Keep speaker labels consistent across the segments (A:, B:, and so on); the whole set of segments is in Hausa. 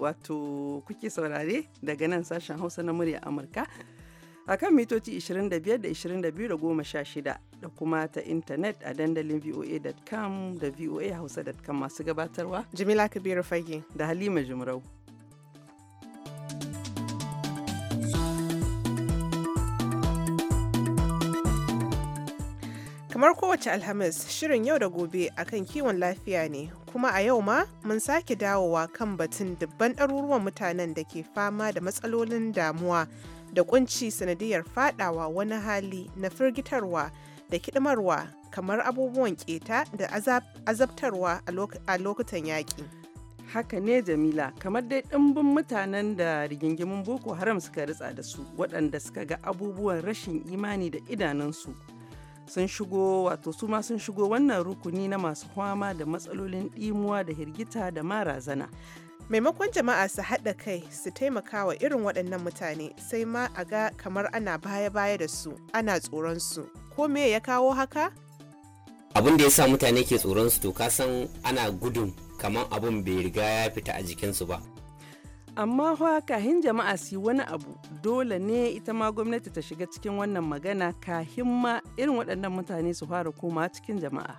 A: wato kuke saurare daga nan sashen hausa na murya amurka a kan mitoci 25 da 22 da shida da kuma ta intanet a dandalin voa.com da hausa.com masu gabatarwa jimila kabiru fage da halima jimrau
B: Kamar kowace Alhamis, shirin yau da gobe akan kiwon lafiya ne, kuma a yau ma mun sake dawowa kan batun dubban ɗaruruwan mutanen da ke fama da matsalolin damuwa da kunci sanadiyar fadawa wani hali na firgitarwa da kiɗimarwa kamar abubuwan keta da azabtarwa a lokutan yaƙi. Haka ne Jamila, kamar dai ɗimbin mutanen da rigingimin
A: Boko Haram suka ritsa da su waɗanda suka ga abubuwan rashin imani da idanunsu. sun shigo wato su ma sun shigo wannan rukuni na masu kwama da matsalolin
B: ɗimuwa da hirgita da marazana. maimakon jama'a su haɗa kai su taimaka wa irin waɗannan mutane sai ma a ga kamar ana baya-baya da su ana tsoron su ko me ya kawo haka
C: abin da ya sa mutane ke tsoron su to san ana gudun kamar abin bai riga ya fita a jikinsu ba
B: amma fa kahin
A: jama'a su wani abu dole ne ita ma gwamnati ta shiga cikin wannan magana kahin ma irin waɗannan mutane su fara koma cikin jama'a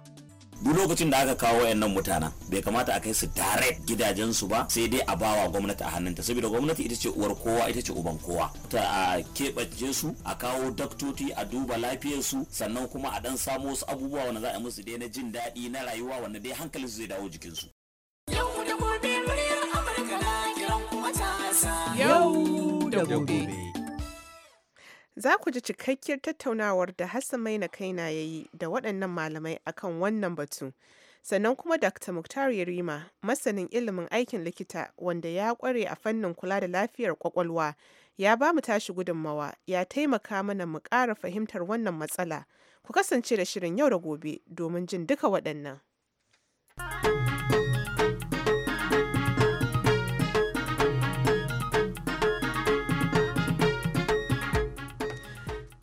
D: duk lokacin da aka kawo wayannan mutanen bai kamata a kai su direct gidajensu ba sai dai a bawa gwamnati a hannunta saboda gwamnati ita ce uwar kowa ita ce uban kowa ta a keɓace su a kawo daktoci a duba lafiyarsu sannan kuma a dan samo wasu abubuwa wanda za a musu dai na jin daɗi na rayuwa wanda dai hankalin su zai dawo jikinsu
B: da Za ku ji cikakkiyar tattaunawar da Hassan Maina Kaina ya yi da waɗannan malamai akan wannan batu. Sannan kuma Dr. Muktar Yarima, masanin ilimin aikin likita wanda ya ƙware a fannin kula da lafiyar ƙwaƙwalwa, ya ba mu tashi gudunmawa, ya taimaka mana mu ƙara fahimtar wannan matsala. Ku kasance da shirin yau da gobe domin jin duka waɗannan.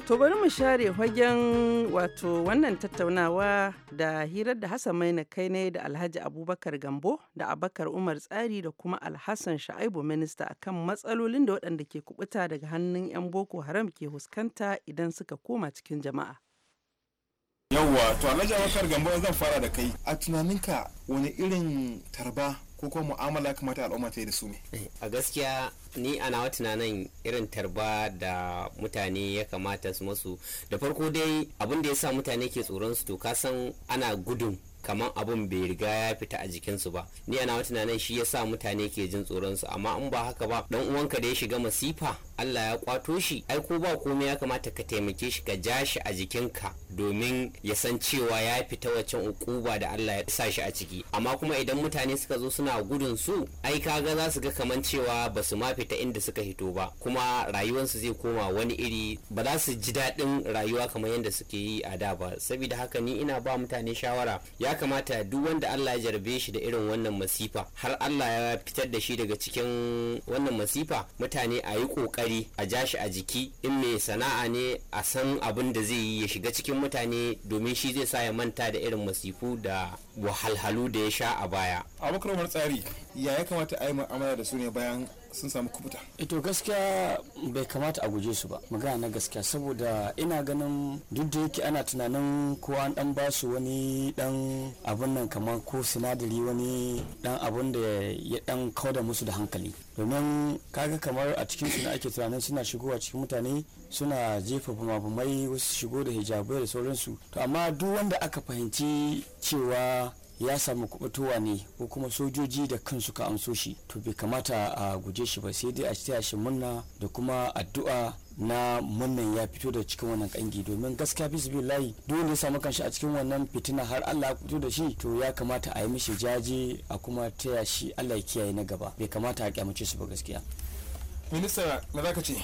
A: To bari mu share fagen wato wannan tattaunawa da hirar da Hassan Maina kai ne da Alhaji Abubakar Gambo da Abakar Umar Tsari da kuma Alhassan Shaibu Minista akan matsalolin da waɗanda ke kubuta daga hannun 'yan Boko Haram ke huskanta idan suka koma cikin jama'a.
C: Yawwa, to Alhaji Abubakar Gambo
E: zan fara da kai.
C: A tunaninka wani irin tarba ko kuma mu'amala kamata al'umma ta yi da su ne eh, a gaskiya ni a nawa tunanin irin tarba da mutane ya kamata su masu da farko dai abin da ya sa mutane ke tsoron su to ka san ana gudun kamar abun bai riga ya fita a jikinsu ba ni ana tunanin shi yasa mutane ke jin tsoronsu amma in ba haka ba dan uwanka da ya shiga masifa Allah ya kwato shi ai ko ba komai ya kamata ka taimake shi ka ja shi a jikinka domin ya san cewa ya fita waccan ukuba da Allah ya sa shi a ciki amma kuma idan mutane suka zo suna gudun su ai kaga za su ga kamar cewa ba su ma fita inda suka hito ba kuma rayuwarsu zai koma wani iri ba za su ji daɗin rayuwa kamar yadda suke yi a da ba saboda haka ni ina ba mutane shawara ya kamata duk wanda Allah ya jarbe shi da irin wannan masifa har Allah ya fitar da shi daga cikin wannan masifa mutane a yi kokari a ja shi a jiki in mai sana'a ne a san abin da zai yi ya shiga cikin mutane domin shi zai sa ya manta da irin masifu da wahalhalu da ya sha a baya abokan umar tsari ya ya kamata a yi mu'amala da su ne bayan sun samu kubuta ito eh
D: gaskiya bai kamata a guje su ba magana na gaskiya saboda ina ganin duk da yake ana tunanin kowa an dan ba wani dan abun nan kamar ko sinadari wani dan abun da ya dan kauda musu da hankali domin kaga kamar a cikin su ake tunanin suna shigowa cikin mutane suna jefa bumabumai wasu shigo da hijabai da sauransu to amma duk wanda aka fahimci cewa ya samu kubatowa ne ko kuma sojoji da kansu ka amso shi to bai kamata a guje shi ba sai dai a taya shi murna da kuma addu'a na munnan ya fito da cikin wannan kangi domin gaskiya bisbillahi duk wanda ya samu kanshi a cikin wannan fitina har Allah ya fito da shi to ya kamata a yi mishi jaje a kuma taya shi Allah ya kiyaye na gaba bai kamata a kyamace su ba gaskiya minista na zaka ce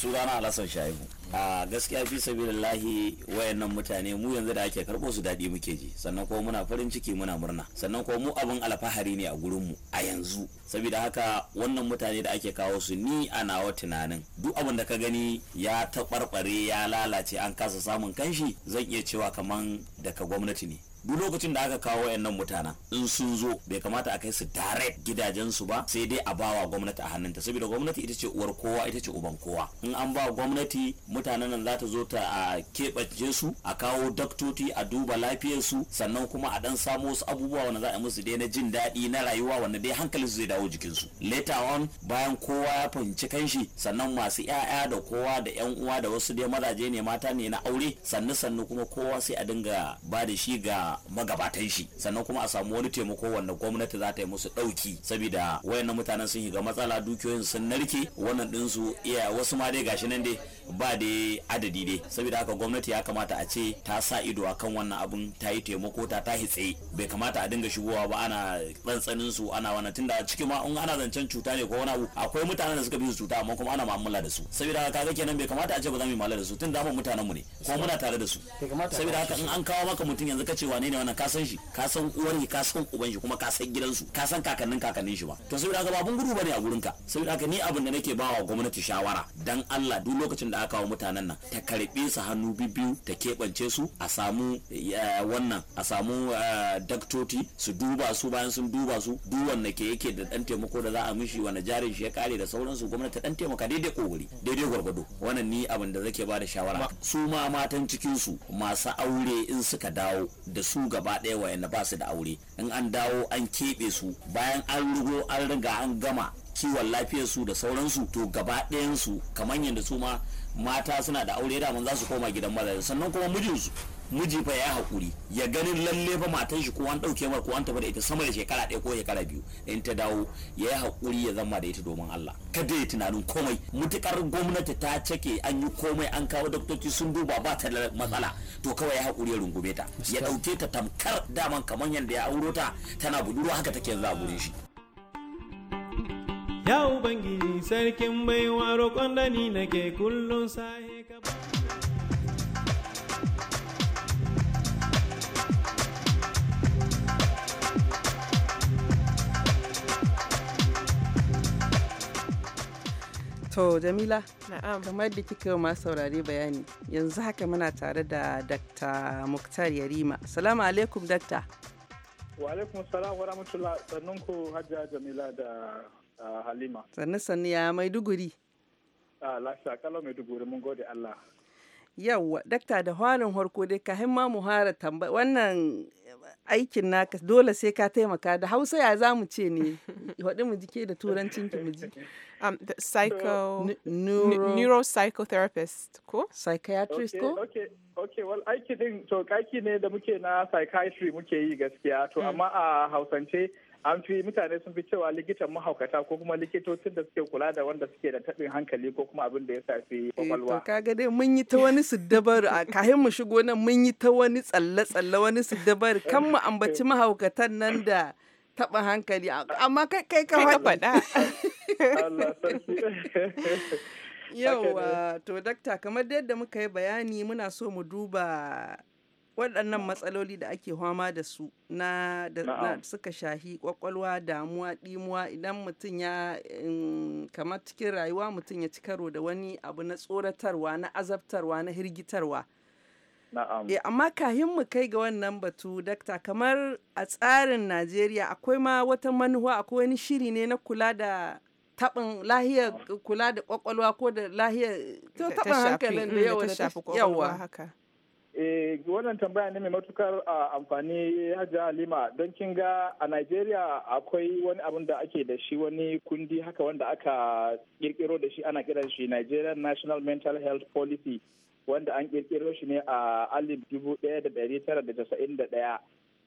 D: sunana alasan shaibu a gaskiya fi lahi wayannan mutane mu yanzu da ake karɓo su daɗi muke ji sannan kuma muna farin ciki muna murna sannan kuma mu abin alfahari ne a gurin mu a yanzu saboda haka wannan mutane da ake kawo su ni a nawa tunanin duk abin da ka gani ya taɓarɓare ya lalace an kasa samun kanshi zan iya cewa kaman daga gwamnati ne duk lokacin da aka kawo wayannan mutanen in sun zo bai kamata a kai su direct gidajensu ba sai dai a bawa gwamnati a hannunta saboda gwamnati ita ce uwar kowa ita ce uban kowa in an ba gwamnati mutanen nan za ta zo ta a keɓace su a kawo daktoci a duba lafiyar su sannan kuma a dan samo wasu abubuwa wanda za a musu dai na jin daɗi na rayuwa wanda dai hankalin su zai dawo jikin su later on bayan kowa ya fahimci kanshi sannan masu 'ya'ya da kowa da 'yan uwa da wasu dai mazaje ne mata ne na aure sannu sannu kuma kowa sai a dinga ba da shi ga magabatan shi sannan kuma a samu wani taimako wanda gwamnati za ta yi musu ɗauki saboda wayannan mutanen sun shiga matsala dukiyoyin sun narke wannan din su iya wasu ma dai gashi nan dai ba dai adadi dai saboda haka gwamnati ya kamata a ce ta sa ido a kan wannan abun ta yi taimako ta ta tsaye bai kamata a dinga shigowa ba ana tsantsanin su ana wannan tunda cikin ma in ana zancen cuta ne ko wani abu akwai mutanen da suka bi su cuta amma kuma ana mu'amala da su saboda haka kaga kenan bai kamata a ce ba za mu yi mu'amala da su tun da mutanen mu ne ko muna tare da su saboda haka in an kawo maka mutum yanzu ka ce wane ne wannan ka san shi ka san uwar shi ka san uban shi kuma ka san su ka san kakannin kakannin shi ba to saboda haka babun gudu bane a gurin ka saboda haka ni abin da nake bawa gwamnati shawara dan Allah duk lokacin da aka kawo mutanen nan ta karbe su hannu bibiyu ta kebance su a samu eh, wannan a samu eh, daktoti su duba su bayan sun duba su duk wanda ke yake da dan taimako da za a mishi wani jarin shi ya kare da sauransu gwamnati dan taimaka daidai kokari daidai gwargwado wannan ni abin da zake bada shawara su ma matan cikin su masu aure in suka dawo da su gaba ɗaya wayanda ba su da aure in an dawo an keɓe su bayan an rugo an riga an gama kiwon lafiyarsu da sauransu to gaba ɗayansu kamar yadda su ma mata suna da aure da za su koma gidan mazaje sannan kuma mijinsu miji fa ya haƙuri ya ganin lalle fa matan shi ko an ɗauke mar ko an tafi da ita sama da shekara ɗaya ko shekara biyu in ta dawo ya yi haƙuri ya zama da ita domin Allah kada ya tunanin komai mutukar gwamnati ta cake an yi komai an kawo doktoci sun duba ba ta da matsala to kawai ya haƙuri ya rungume ta ya ɗauke ta tamkar daman kamar yadda ya auro ta tana budurwa haka take yanzu a gurin shi.
E: Ya Ubangiji sarkin
D: baiwa roƙon da ni nake kullum sahe ka
A: To Jamila, kamar da kika ma saurare bayani, yanzu haka muna tare da Dr. Muktar Yarima. Salamu alaikum Dr.
E: Wa alaikum salam wa rahmatullah sannunku ku hajja Jamila da Halima.
A: Sannu sannu ya Maiduguri.
E: A lafiya kalau Maiduguri mun gode Allah.
A: Yawwa, dakta da halin harko dai ka himma mu hara tambaya wannan aikin naka dole sai ka taimaka da Hausa ya za mu ce ne, haɗu mu jike da turancin ki mu ji. um, the psycho
E: so,
B: neuro, neuropsychotherapist ko psychiatrist okay, ko
E: okay okay well aiki din to ne da muke na psychiatry muke yi gaskiya to hmm. amma a hausance an fi mutane sun fi cewa likitan mahaukata ko kuma likitocin da suke kula da wanda suke da taɓin hankali ko kuma abin da ya safi kwakwalwa. Eh,
A: to ga dai mun yi ta wani siddabar a kahin mu shigo nan mun yi ta wani tsalle-tsalle wani siddabar kan mu ambaci mahaukatan nan da taɓin hankali amma kai kai ka faɗa.
B: yau
E: Yauwa,
A: to dakta kamar yadda muka yi bayani muna so mu duba waɗannan matsaloli da ake fama da su na da suka shahi kwakwalwa damuwa ɗimuwa idan mutum ya kamar cikin rayuwa mutum ya ci karo da wani abu na tsoratarwa na azabtarwa na hirgitarwa. Na'am. Eh, amma kahin mu kai ga wannan batu, dakta, kamar a tsarin Najeriya akwai ma wata manuwa akwai wani shiri ne na kula da taɓin lahiyar kula da kwakwalwa ko da lahiyar taɓin hankalin da mm, yawa shafi kwakwalwa
B: haka.
E: Eh, wannan tambaya ne mai matukar amfani hajji halima don kin ga a najeriya akwai wani abin da ake da shi wani kundi haka wanda aka kirkiro da shi ana kiran shi nigerian national mental health policy wanda an kirkiro shi ne a alif dubu tara da casa'in da daya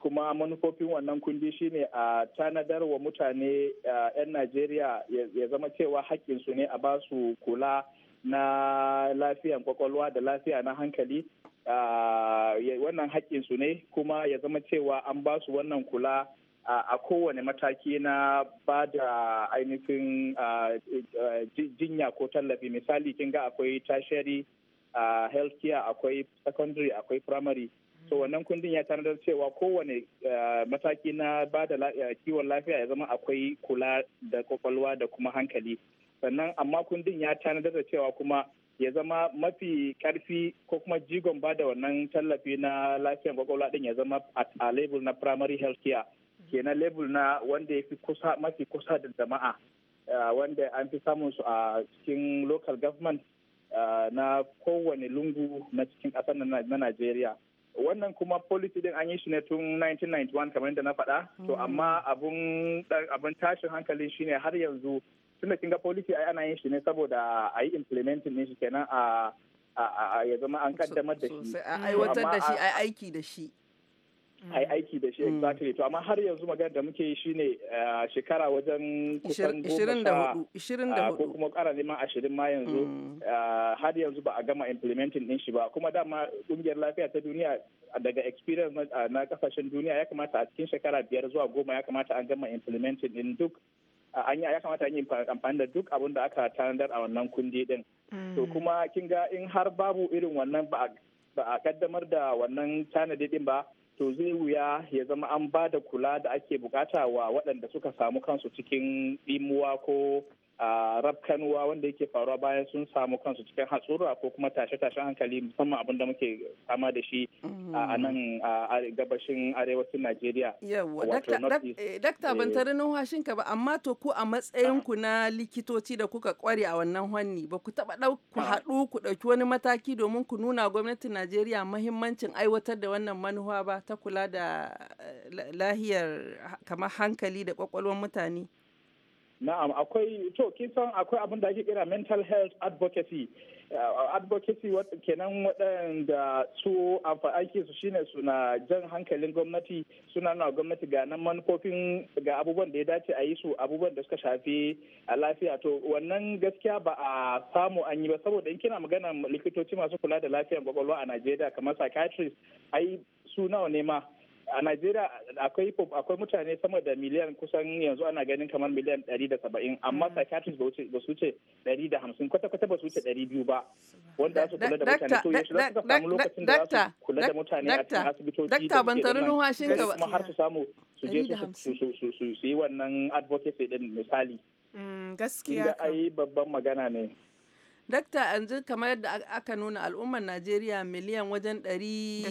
E: kuma manufofin wannan kundi shine a tanadar wa mutane 'yan najeriya ya zama cewa haƙƙinsu ne a ba su kula na lafiyan kwakwalwa da lafiya na hankali wannan haƙƙinsu ne kuma ya zama cewa an ba su wannan kula a kowane mataki na ba da ainihin jinya ko tallafi misali kin ga akwai tashari healthcare akwai secondary akwai primary so wannan kundin ya tanadar cewa kowane eh, mataki na ba da eh, kiwon lafiya ya zama akwai kula da kwakwalwa da kuma hankali sannan amma kundin ya tanadar da cewa kuma ya zama mafi karfi ko kuma jigon ba da wannan tallafi na lafiyan kwakwalwa din ya zama a label na primary health care kenan label na wanda ya fi kusa mafi kusa da jama'a eh, wanda an fi samun su a cikin local government na kowane lungu na cikin ƙasar na Najeriya. wannan kuma policy din an yi shi ne tun 1991 kamar yadda na faɗa to mm. amma abun tashin hankali shine har yanzu tunda kinga policy ai ana yin shi ne saboda a yi implementing ne shi kenan a ya zama an kaddamar da shi a mm. aiwatar da shi a
A: aiki da shi
E: a yi aiki da shi mm. exactly to amma har yanzu magana da muke yi shine eh, shekara wajen kusan ah, ko kuma kara neman ashirin ma yanzu mm. ah, har yanzu ba a gama implementing din shi ba kuma dama kungiyar lafiya ta duniya daga experience na kasashen duniya ya kamata a cikin shekara biyar zuwa goma ya kamata an gama implementing din duk ah, an ya kamata an yi amfani da duk abin da aka tanadar a wannan kundi din mm. to kuma kinga in har babu irin wannan ba a kaddamar da wannan tanadi din ba to zai wuya ya zama an ba da kula da ake bukata wa waɗanda suka samu kansu cikin imuwa ko a rafkanuwa wanda yake faruwa bayan sun samu kansu cikin hatsura ko kuma tashe-tashen hankali musamman abin da muke fama da shi a nan gabashin arewacin Najeriya. Yawwa,
A: eh, dakta ban eh. tare numfashinka ba, amma to ku a matsayinku na likitoci da kuka kware a wannan hanni ba ku taɓa ku haɗu ku ɗauki wani mataki domin ku nuna gwamnatin Najeriya mahimmancin aiwatar da wannan manuwa ba ta kula da eh, lahiyar kamar hankali
E: da kwakwalwar mutane. Na'am akwai to kisan akwai abin da ake kira mental health advocacy. Uh, advocacy kenan waɗanda su aiki su shine suna jan hankalin gwamnati suna nuna gwamnati ga nan manufofin ga abubuwan da ya dace a yi su abubuwan da suka shafi a lafiya to wannan gaskiya ba a samu an yi ba saboda in kina magana likitoci masu kula da lafiyar kwakwalwa a Najeriya kamar psychiatrist ai su nawa ne ma a Najeriya akwai akwai mutane sama da miliyan kusan yanzu ana ganin kamar miliyan saba'in amma mm. psychiatrist ba su da hamsin kwata-kwata ba su ce biyu ba wanda za su kula da mutane to yanzu za su samu lokacin da za su kula da mutane a cikin asibitoci dakta ban tare numfashin ka ba kuma har su samu su je su yi wannan advocacy din misali
B: mm, gaskiya
E: ai babban magana ne
A: Dakta yanzu kamar yadda aka nuna al'ummar Najeriya miliyan wajen ɗari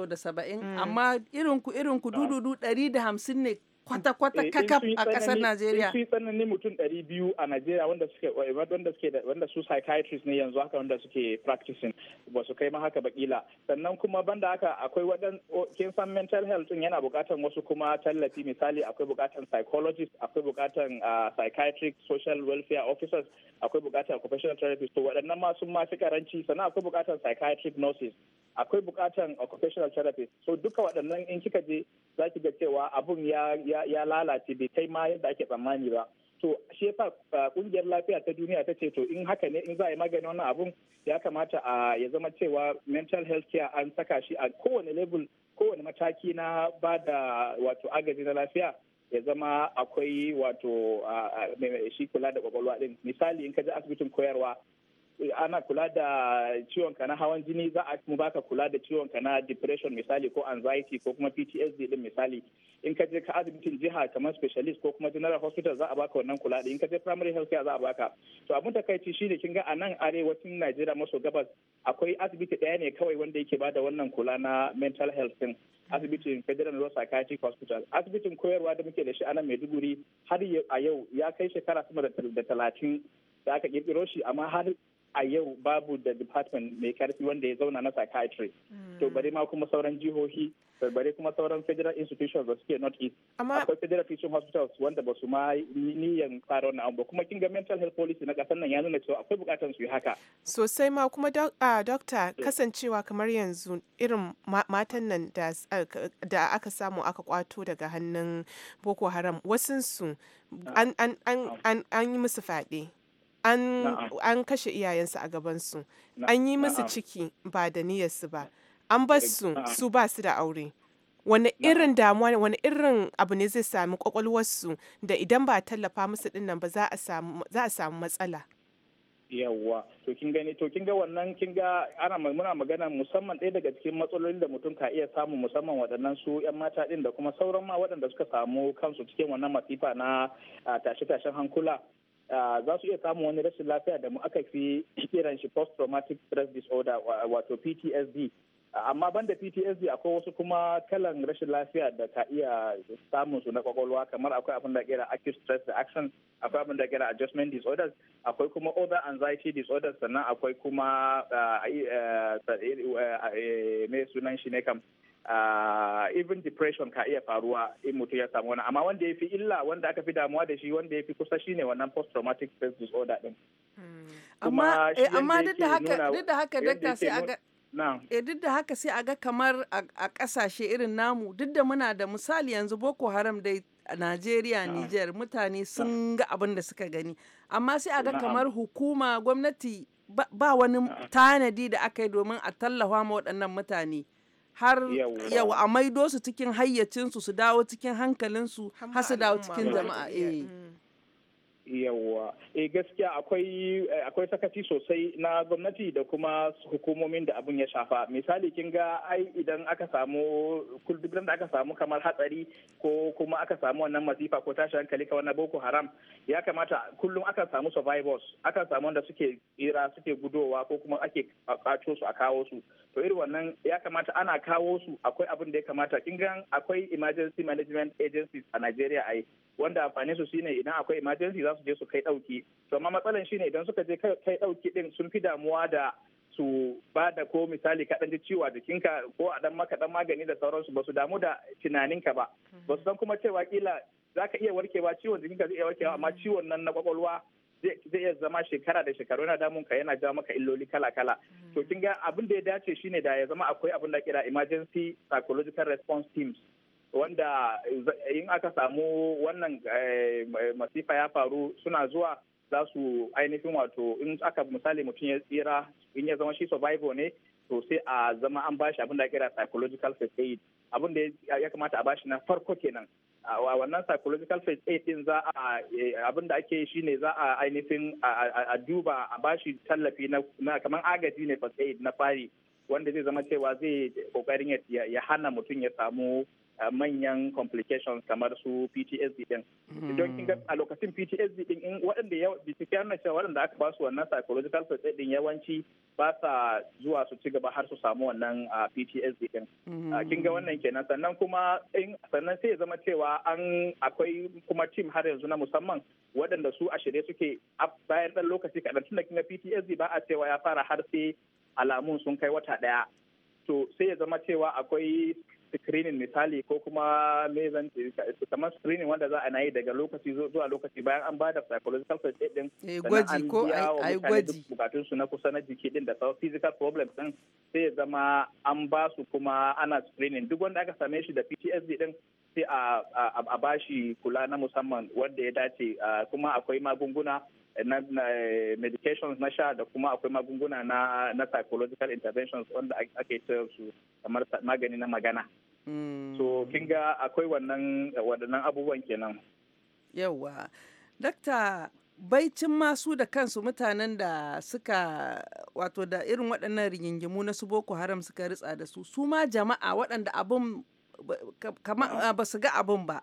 A: da saba'in, mm. amma irin ku irin ku dududu ɗari da hamsin ne kwata-kwata eh, kakaf a kasar Najeriya. Sun
E: tsanani mutum ɗari biyu a Najeriya wanda suke wanda suke wanda su psychiatrist ne yanzu haka wanda suke practicing ba su kai ma haka ba Sannan kuma banda haka akwai wadan kin san mental health din yana bukatan wasu kuma tallafi misali akwai bukatan psychologist, akwai bukatan psychiatric social welfare officers, akwai bukatan occupational therapist. To waɗannan ma sun ma karanci sannan akwai bukatan psychiatric nurses. Akwai bukatan occupational therapist. So duka waɗannan in kika je za ki ga cewa abun ya ya lalace bai kai ma yadda ake tsammani ba to shi fa kungiyar uh, lafiya ta duniya ta ce to in haka ne in za a yi magani wannan abun ya kamata a uh, ya zama cewa mental health care an saka shi a kowane level kowane mataki na ba da wato agaji na lafiya ya zama akwai wato uh, shi kula da kwakwalwa din misali in ka je asibitin koyarwa ana kula da ciwon ka na hawan jini za a kuma baka kula da ciwon ka na depression misali ko anxiety ko kuma PTSD din misali in ka je ka asibitin jiha kamar specialist ko kuma general hospital za a baka wannan kula da in ka je primary health care za a baka to abun takaici ne kin ga a nan arewacin Najeriya maso gabas akwai asibiti ɗaya ne kawai wanda yake bada wannan kula na mental health din asibitin Federal Rural Psychiatric Hospital asibitin koyarwa da muke da shi a nan Maiduguri har a yau ya kai shekara sama da talatin da aka kirkiro shi amma har a yau babu da department mai karfi wanda ya zauna na psychiatry hmm. to bari ma kuma sauran jihohi bari kuma sauran federal institutions da suke north east akwai federal teaching hospitals wanda ba su ma niyan tsara wannan ba kuma kinga mental health policy na kasar nan ya nuna cewa akwai bukatar su yi haka
B: sosai ma kuma doctor eh. kasancewa kamar yanzu irin matan nan da aka samu aka kwato daga hannun boko haram wasunsu ah. ah. an yi musu fyaɗe an kashe iyayensu a gabansu an yi musu ciki ba da niyarsu ba an bar su su ba su da aure wani irin damuwa ne wani irin abu ne zai sami kwakwalwarsu da idan ba a tallafa musu dinnan ba za a samu matsala
E: yawwa to kin gani to kin ga wannan kin ga ana muna magana musamman ɗaya daga cikin matsalolin da mutum ka iya samu musamman waɗannan su yan mata ɗin da kuma sauran ma waɗanda suka samu kansu cikin wannan masifa na tashe-tashen hankula Ah, za su iya samun wani rashin lafiya da mu aka fi kiran shi post traumatic stress disorder wato PTSD amma banda PTSD akwai wasu kuma kalan rashin lafiya da ka iya samun su na kwakwalwa kamar akwai abin da kira acute stress reaction akwai abin da kira adjustment disorders akwai kuma other anxiety disorders sannan akwai kuma mai ah, eh, eh, eh, sunan shi ne kam Ah, even depression ka iya faruwa in mutum ya samu wani amma wanda ya fi illa wanda aka fi damuwa da shi wanda ya fi kusa shine wannan post traumatic stress disorder din hmm. amma eh, duk da haka duk da haka dakta sai aga E
A: eh, duk da haka sai aga kamar a kasashe irin namu duk da muna da misali yanzu Boko Haram dai a Najeriya, Niger mutane sun ga abin da suka gani. Amma sai aga kamar hukuma gwamnati ba wani tanadi da aka yi domin a tallafa ma waɗannan mutane.
E: har yau a
A: maido su cikin hayyacinsu su dawo cikin hankalinsu har su dawo cikin jama'a
E: yawwa e gaskiya akwai akwai sakaci sosai na gwamnati da kuma hukumomin da abin ya shafa misali kin ga ai idan aka samu duk da aka samu kamar hatsari ko kuma aka samu wannan masifa ko tashi hankali ka wannan boko haram ya kamata kullum aka samu survivors aka samu wanda suke tsira suke gudowa ko kuma ake kwato su a kawo su to irin wannan ya kamata ana kawo su akwai abin da ya kamata kin ga akwai emergency management agencies a Najeriya ai wanda amfanin su shine idan akwai emergency za su je su kai ɗauki to amma matsalan shine idan suka je kai ɗauki ɗin sun fi damuwa da su ba da ko misali ka ji ciwo a jikinka ko a dan maka dan magani da sauransu ba su damu da tunaninka ba hmm. ba su san kuma cewa kila za ka iya warkewa ciwon jikinka zai iya warkewa amma ciwon nan na kwakwalwa zai iya zama shekara da shekaru yana damun ka yana ja maka illoli kala kala hmm. to kin ga abin da ya dace shine da ya zama akwai abin da kira emergency psychological response teams wanda in aka samu wannan eh, masifa ya faru suna zuwa za su ainihin wato in aka misali mutum ya tsira in ya zama shi survival ne to sai a zama an bashi abin da kira psychological first aid abin da ya kamata a bashi na farko kenan a wannan psychological first aid din za a eh, abin da ake shi ne za a ainihin a duba a bashi tallafi na kamar agaji ne first aid na fari wanda zai zama cewa zai kokarin ya hana mutum ya samu manyan complications kamar su PTSD din. Hmm. Don kin a lokacin PTSD din in waɗanda ya bincike na cewa waɗanda aka ba su wannan psychological support din yawanci ba sa zuwa su ci gaba har su samu wannan PTSD din.
D: Hmm. Kin ga wannan
E: kenan sannan kuma in sannan sai ya zama cewa an akwai kuma team har yanzu na musamman waɗanda su a shirye suke bayan ɗan lokaci kaɗan tunda kin ga PTSD ba a cewa ya fara har sai alamun sun kai wata ɗaya. to sai ya zama cewa akwai screening misali ko kuma mezan kamar screening wanda za a na yi daga lokaci zuwa lokaci bayan an ba da psychological aid din eh, gwaji ko ai gwaji bukatun su na kusa na jiki din da physical problems din sai ya zama an ba su kuma ana screening duk wanda aka same shi da PTSD din sai a bashi kula na musamman wanda ya dace kuma akwai magunguna na eh, medications na sha da kuma akwai magunguna na na psychological interventions wanda ake cewa su kamar magani na magana hmm. so kin akwai wannan waɗannan abubuwan kenan
A: yawa Dokta baicin masu da kansu mutanen da suka wato da irin waɗannan rigingimu na su boko haram suka ritsa da su su ma jama'a waɗanda abin ba su ga abin ba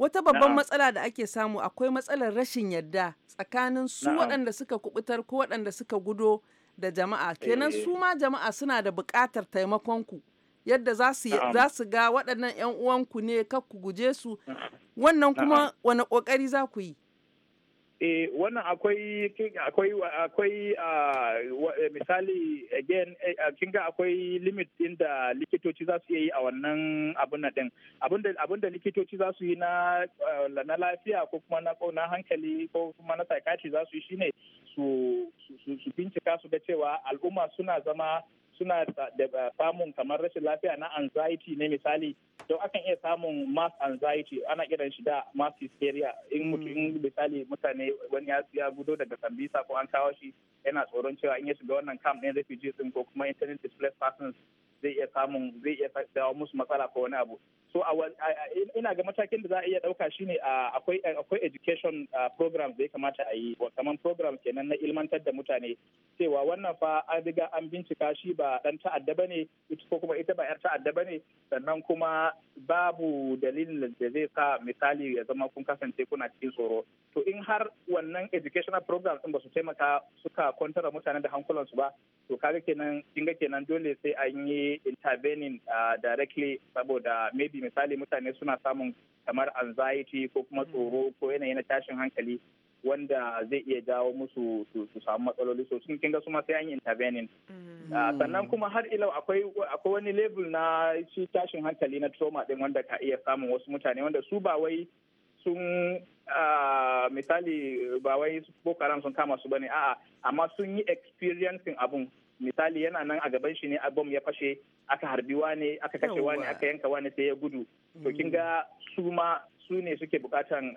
A: Wata babban matsala da ake samu akwai matsalar rashin yadda tsakanin su waɗanda suka kubutar ko waɗanda suka gudo da jama'a. Kenan su eh. ma jama'a suna da buƙatar taimakon ku. Yadda za su ga waɗannan 'yan uwanku ne ka ku guje su. Wannan kuma wani ƙoƙari za ku yi?
E: eh wannan akwai akwai akwai ah, eh, misali again eh, ah, kin ga akwai limit din da likitoci za su yi a wannan abun din abun da likitoci za su yi na ah, na lafiya ko kuma na na hankali ko kuma na psychiatry za su yi shine su su bincika su ga cewa al'umma suna zama suna da samun kamar rashin lafiya na anxiety ne misali don akan iya samun mass anxiety ana kiran shi da mass hysteria in hmm. mutum misali mutane wani ya ya gudo daga sambisa ko an kawo shi yana tsoron cewa in ya shiga wannan camp ɗin refugees din ko kuma internet displaced persons zai iya samun zai iya samun musu matsala ko wani abu so ina ga matakin da za a iya ɗauka shine akwai akwai education programs da ya kamata a yi kamar program kenan na ilmantar da mutane cewa wannan fa an riga an bincika shi ba ɗan ta'adda bane ita ko kuma ita ba yar ta'adda bane sannan kuma babu dalilin da zai sa misali ya zama kun kasance kuna cikin tsoro to in har wannan educational programs din ba su taimaka suka kwantar mutane da hankulansu ba to kaga kenan kin ga kenan dole sai an yi intervening ah, directly saboda maybe misali mutane suna samun kamar anxiety ko kuma tsoro ko yanayi na tashin hankali wanda zai iya jawo musu su samu matsaloli so sun kinga su sai an yi intervening mm-hmm. ah, sannan kuma har ilau akwai akwai wani level na shi tashin hankali na trauma din wanda ka iya samun wasu mutane wanda su ba wai sun ah, misali ba wai boko haram sun kama su bane a'a amma sun yi experiencing abun misali yana nan a gaban shi ne bom ya fashe aka harbi wani aka kashe wani aka yanka wane sai ya gudu to kin mm. ga su ma su ne suke bukatan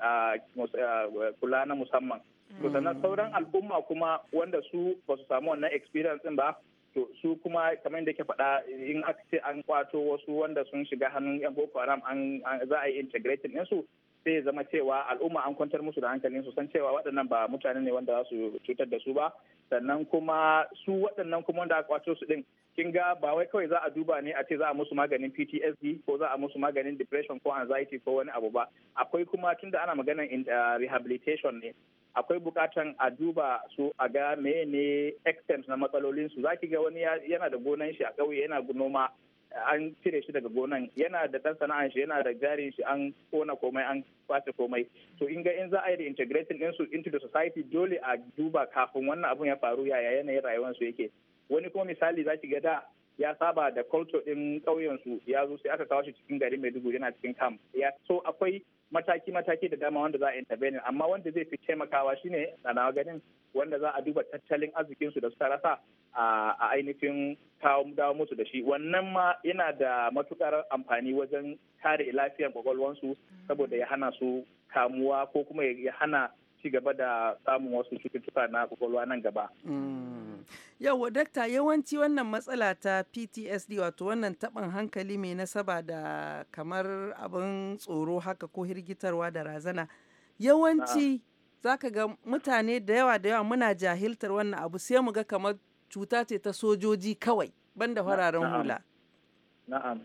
E: kula na musamman to mm. sannan sauran al'umma kuma wanda su ba su samu wannan experience din ba to su kuma kamar yadda ke faɗa in aka ce an kwato wasu wanda sun shiga hannun yan boko haram an za a yi integrating ɗinsu sai zama cewa al'umma an kwantar musu da hankali su san cewa waɗannan ba mutane ne wanda za su cutar da su ba sannan kuma su waɗannan kuma wanda aka kwato su din kin ga ba wai kawai za a duba ne a ce za a musu maganin PTSD ko za a musu maganin depression ko anxiety ko wani abu ba akwai kuma tunda ana maganan ah, rehabilitation ne akwai bukatan a duba su a ga meye ne extent na matsalolin su zaki ga wani yana da gonan shi a kauye yana noma an cire shi daga gonan yana da ɗan sana'an shi yana da jarin shi an kona komai an kwace komai to in ga in za a yi din su into the society dole a duba kafin wannan abun ya faru yaya yanayin su yake wani kuma misali za ki ga da ya saba da culture din ƙauyensu ya zo sai aka kawo shi cikin mai Maiduguri yana cikin camp ya so akwai mataki mataki da dama wanda za a intervene amma wanda zai fi taimakawa shine nawa ganin wanda za a duba tattalin arzikin su da suka rasa a ainihin kawo dawo musu da shi wannan ma yana da matukar amfani wajen kare lafiyar kwakwalwansu saboda ya hana su kamuwa ko kuma ya hana ci gaba da samun wasu cututtuka na kwakwalwa nan gaba. Mm.
A: Yawwa dakta yawanci wannan matsala ta PTSD wato wannan taɓin hankali mai nasaba da kamar abin tsoro haka ko hirgitarwa da razana. Yawanci ah. zaka ga mutane da yawa da yawa muna jahiltar wannan abu sai mu ga kamar cuta ce ta sojoji kawai banda fararen hula.
E: Na'am.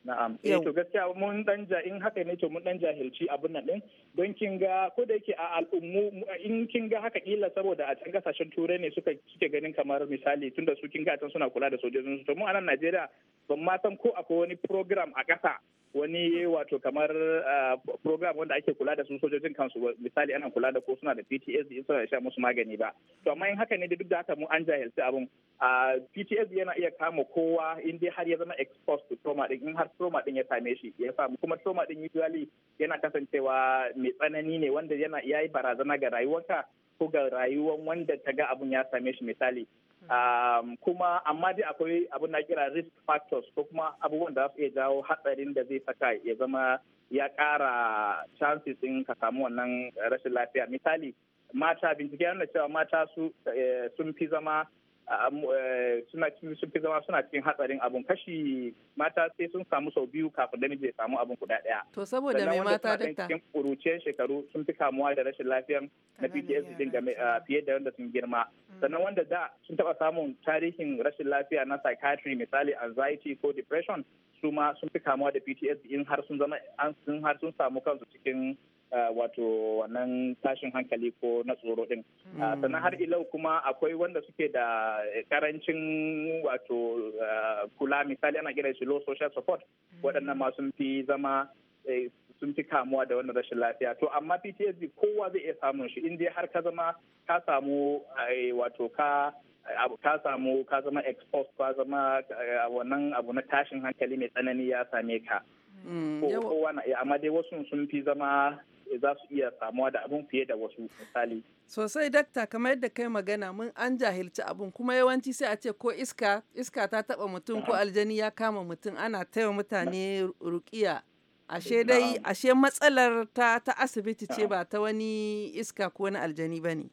E: Na'am. Eh to gaskiya mun dan ja in haka ne to mun dan jahilci abin nan din don kin ga ko da yake a al'ummu in kin ga haka kila saboda a can kasashen turai ne suka kike ganin kamar misali tunda su kin ga can suna kula da sojojin su to mu a nan Najeriya ban ma san ko akwai wani program a ƙasa wani wato kamar ah, program wanda ake kula da su sojojin kansu misali ana kula da ko suna da PTSD in suna sha musu magani ba to amma in haka ne da duk da haka mu an jahilci abun ah, PTSD yana iya kama kowa in dai har ya zama exposed to trauma din in har trauma din ya same shi ya samu kuma trauma din usually yana kasancewa mai tsanani ne wanda yana yayi barazana ga rayuwarka ko ga rayuwar wanda ta ga abun ya same shi misali Um, kuma amma dai akwai abin da kira risk factors ko kuma abubuwan da za iya jawo hatsarin da zai saka ya zama ya ƙara chances in ka samu wannan rashin lafiya misali mata bincike yana cewa mata eh, sun fi zama Eh, suna sun fi zama suna cikin hatsarin abun kashi mata sai sun samu sau biyu kafin namiji ya samu abun kuɗa ɗaya to saboda mai mata suna cikin kuruciyar shekaru sun fi kamuwa da rashin lafiyan na pts din ga fiye da wanda sun girma mm. sannan wanda da sun taɓa samun tarihin rashin lafiya na psychiatry misali anxiety ko depression su ma sun fi kamuwa da pts in har sun zama an sun har sun samu kansu cikin Eh, wato wannan tashin hankali ko na tsoro din mm. ah, sannan har ilau kuma akwai wanda suke da karancin wato eh, kula misali ana kiran shi low social support mm. waɗannan ma sun fi zama eh, sun fi kamuwa da wannan rashin lafiya to amma PTSD kowa zai iya samun shi in dai har ka zama ka samu wato ka ka samu ka zama exposed ka zama wannan abu na tashin hankali mai tsanani ya same ka Mm. kowane eh, amma dai wasu sun fi zama eh, za su iya samuwa da abin fiye da wasu misali
A: sosai dakta kamar yadda kai magana mun an jahilci abin kuma yawanci sai a ce ko iska iska ta taba mutum ko aljani ya kama mutum ana taya mutane rukiya ashe dai ashe matsalar ta ta asibiti ce ba ta wani iska ko wani aljani ba ne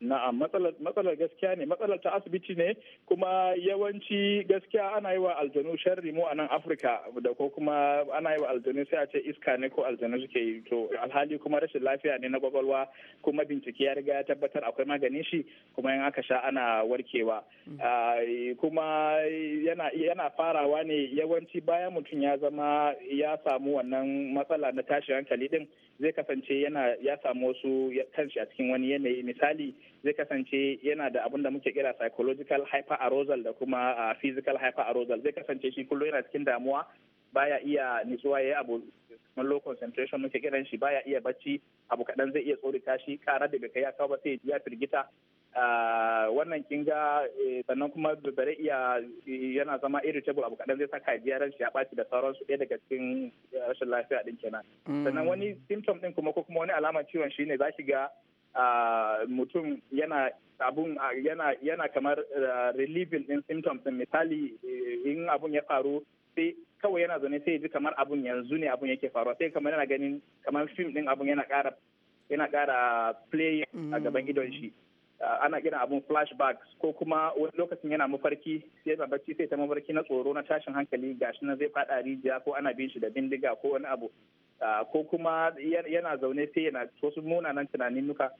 E: Na'am matsalar gaskiya ne matsalar ta asibiti ne kuma yawanci gaskiya ana yi wa aljanu sharri mu a nan Afirka da ko kuma ana yi wa aljanu sai a ce iska ne ko aljanu suke yi to alhali kuma rashin lafiya ne na kwakwalwa kuma bincike ya riga ya tabbatar akwai maganin shi kuma in aka sha ana warkewa mm. kuma yana farawa ne yawanci bayan mutum ya zama ya samu wannan matsala na tashi hankali din zai kasance yana ya samu wasu kanshi a cikin wani yanayi misali zai kasance yana da abin da muke kira psychological arousal da kuma ah, physical arousal zai kasance shi kullum yana cikin damuwa baya iya nutsuwa ya yi abu low concentration muke kiran shi baya iya bacci abu kaɗan zai iya tsorita shi kara da bai kai ya kawo ba sai ya firgita ah, wannan kin ga eh, sannan kuma bare iya eh, yana zama irritable abu kaɗan zai saka jiyaran shi ya ɓaci da sauransu ɗaya daga cikin eh, rashin lafiya ɗin kenan mm. sannan wani symptom ɗin kuma ko kuma wani alamar ciwon shine za shi ga ah, mutum yana abun ah, yana yana kamar relieving ɗin symptoms misali in abun ya faru sai kawai yana zaune sai ya ji kamar abun yanzu ne abun yake faruwa sai kamar yana ganin kamar fim din abun yana kara yana kara play a mm. gaban idon shi ana kira abun flashback ko kuma wani lokacin yana mafarki sai ba bacci sai ta mafarki na tsoro na tashin hankali gashi na zai fada rijiya ko ana bin shi da bindiga ko wani abu ko kuma yana zaune sai yana wasu munanan tunanin nuka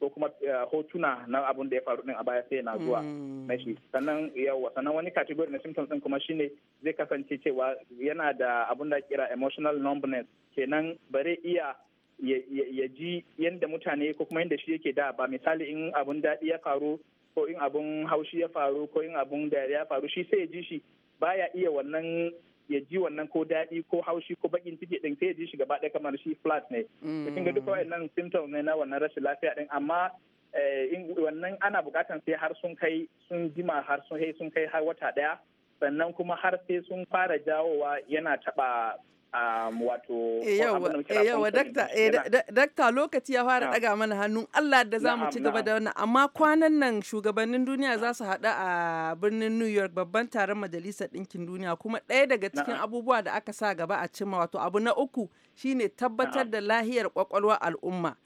E: ko kuma eh, hotuna na abun da ya faru din a baya sai mm. na zuwa na sannan yawa sannan wani category na symptoms din kuma shine zai kasance cewa yana da abun da kira emotional numbness kenan bare iya ya ji yadda mutane ko kuma yadda shi yake da ba misali in abun daɗi ya faru ko in abun haushi ya faru ko in abun da ya faru shi sai ya ji shi baya iya wannan ya ji wannan ko daɗi ko haushi ko bakin ciki ɗin sai ya ji shi gaba ɗaya kamar shi flat ne mm. kin ga duka wayannan symptoms ne na wannan rashin lafiya ɗin amma eh, wannan ana bukatan sai har sun kai sun jima har sun kai sun kai har wata ɗaya sannan kuma har sai sun fara jawowa yana taɓa Um,
A: dakta lokaci ya fara daga mana hannu Allah da za mu ci gaba da wannan amma kwanan nan shugabannin duniya za su haɗu a birnin New York babban taron majalisar ɗinkin duniya kuma ɗaya daga cikin abubuwa da aka sa gaba a cimma wato abu na uku shine tabbatar da lahiyar kwakwalwar al'umma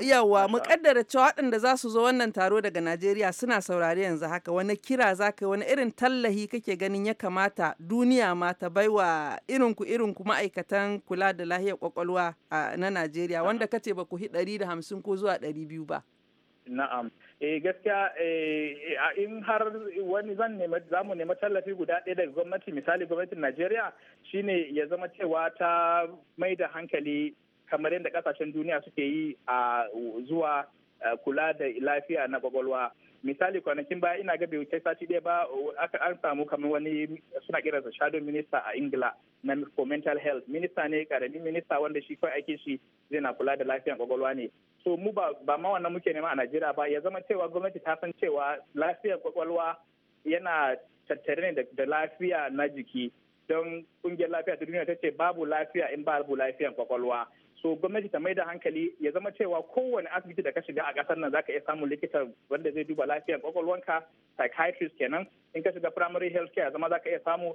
A: yawwa mu kaddara cewa waɗanda za su zo wannan taro daga Najeriya suna saurari yanzu haka wani kira za ka wani irin tallahi kake ganin ya kamata duniya ma ta baiwa irin ku irin ku ma'aikatan kula da lahiyar kwakwalwa na
E: Najeriya wanda kace ba ku hi ɗari da hamsin ko zuwa ɗari biyu ba. Na'am. Eh gaskiya eh, in har wani zan nema zamu nema tallafi guda ɗaya daga gwamnati misali gwamnatin Najeriya shine ya zama cewa ta mai da hankali kamar yadda kasashen duniya suke yi a zuwa kula da lafiya na kwakwalwa misali kwanakin baya ina ga bai sati ɗaya ba aka an samu kamar wani suna kiransa shadow minister a ingila na for mental health minister ne karami minista wanda shi kawai ake shi zai na kula da lafiyan kwakwalwa ne so mu ba ma wannan muke nema a najeriya ba ya zama cewa gwamnati ta san cewa lafiyar kwakwalwa yana tattare ne da lafiya na jiki don kungiyar lafiya ta duniya ta ce babu lafiya in babu lafiyan kwakwalwa so gwamnati ta mai da hankali ya zama cewa kowane asibiti da ka shiga a kasar nan ka iya samun likita wanda zai duba lafiyar kwakwalwanka psychiatrist kenan in ka shiga primary health care zama zaka iya samu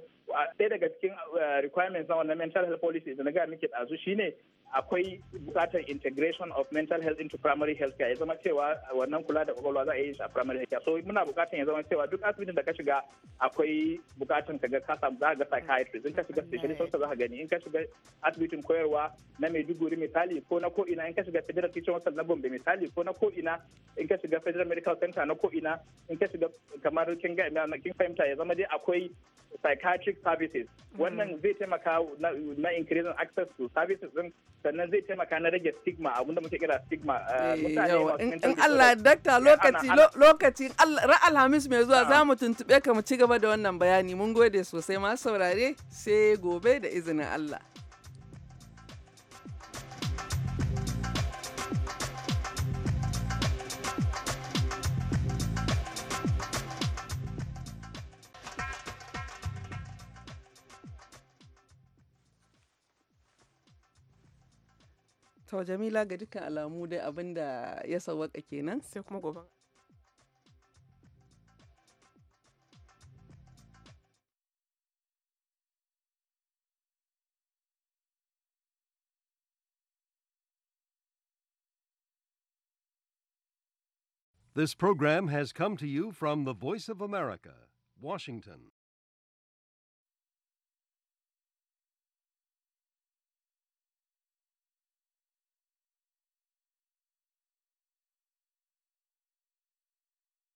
E: ɗaya daga cikin eh, requirements na wannan mental health policy da na gaya miki ɗazu shine akwai bukatar integration of mental health into primary health care ya zama cewa wannan kula da kwakwalwa za a yi shi a primary health care so muna bukatar ya zama cewa duk asibitin da ka shiga akwai bukatar ka ga ka samu za ka ga psychiatrist in ka shiga specialist hospital za ka gani in ka shiga asibitin koyarwa na Maiduguri misali ko na ko ina in ka shiga federal teaching hospital na Gombe misali ko na ko ina in ka shiga federal medical center na ko ina in ka shiga kamar kin ga kin fahimta ya zama dai akwai psychiatric services mm. wannan zai taimaka na increasing access to services din sannan zai taimaka na rage stigma abinda muke kira stigma ah, eh, in Allah
A: dakta lokaci lokaci alhamis mai zuwa za mu tuntube ka mu ci gaba da wannan bayani mun gode sosai ma saurare sai gobe da izinin Allah To Jamila ga dukkan alamu dai ya sawaka kenan. Sai kuma gobe. This program has come to you from the Voice of America, Washington.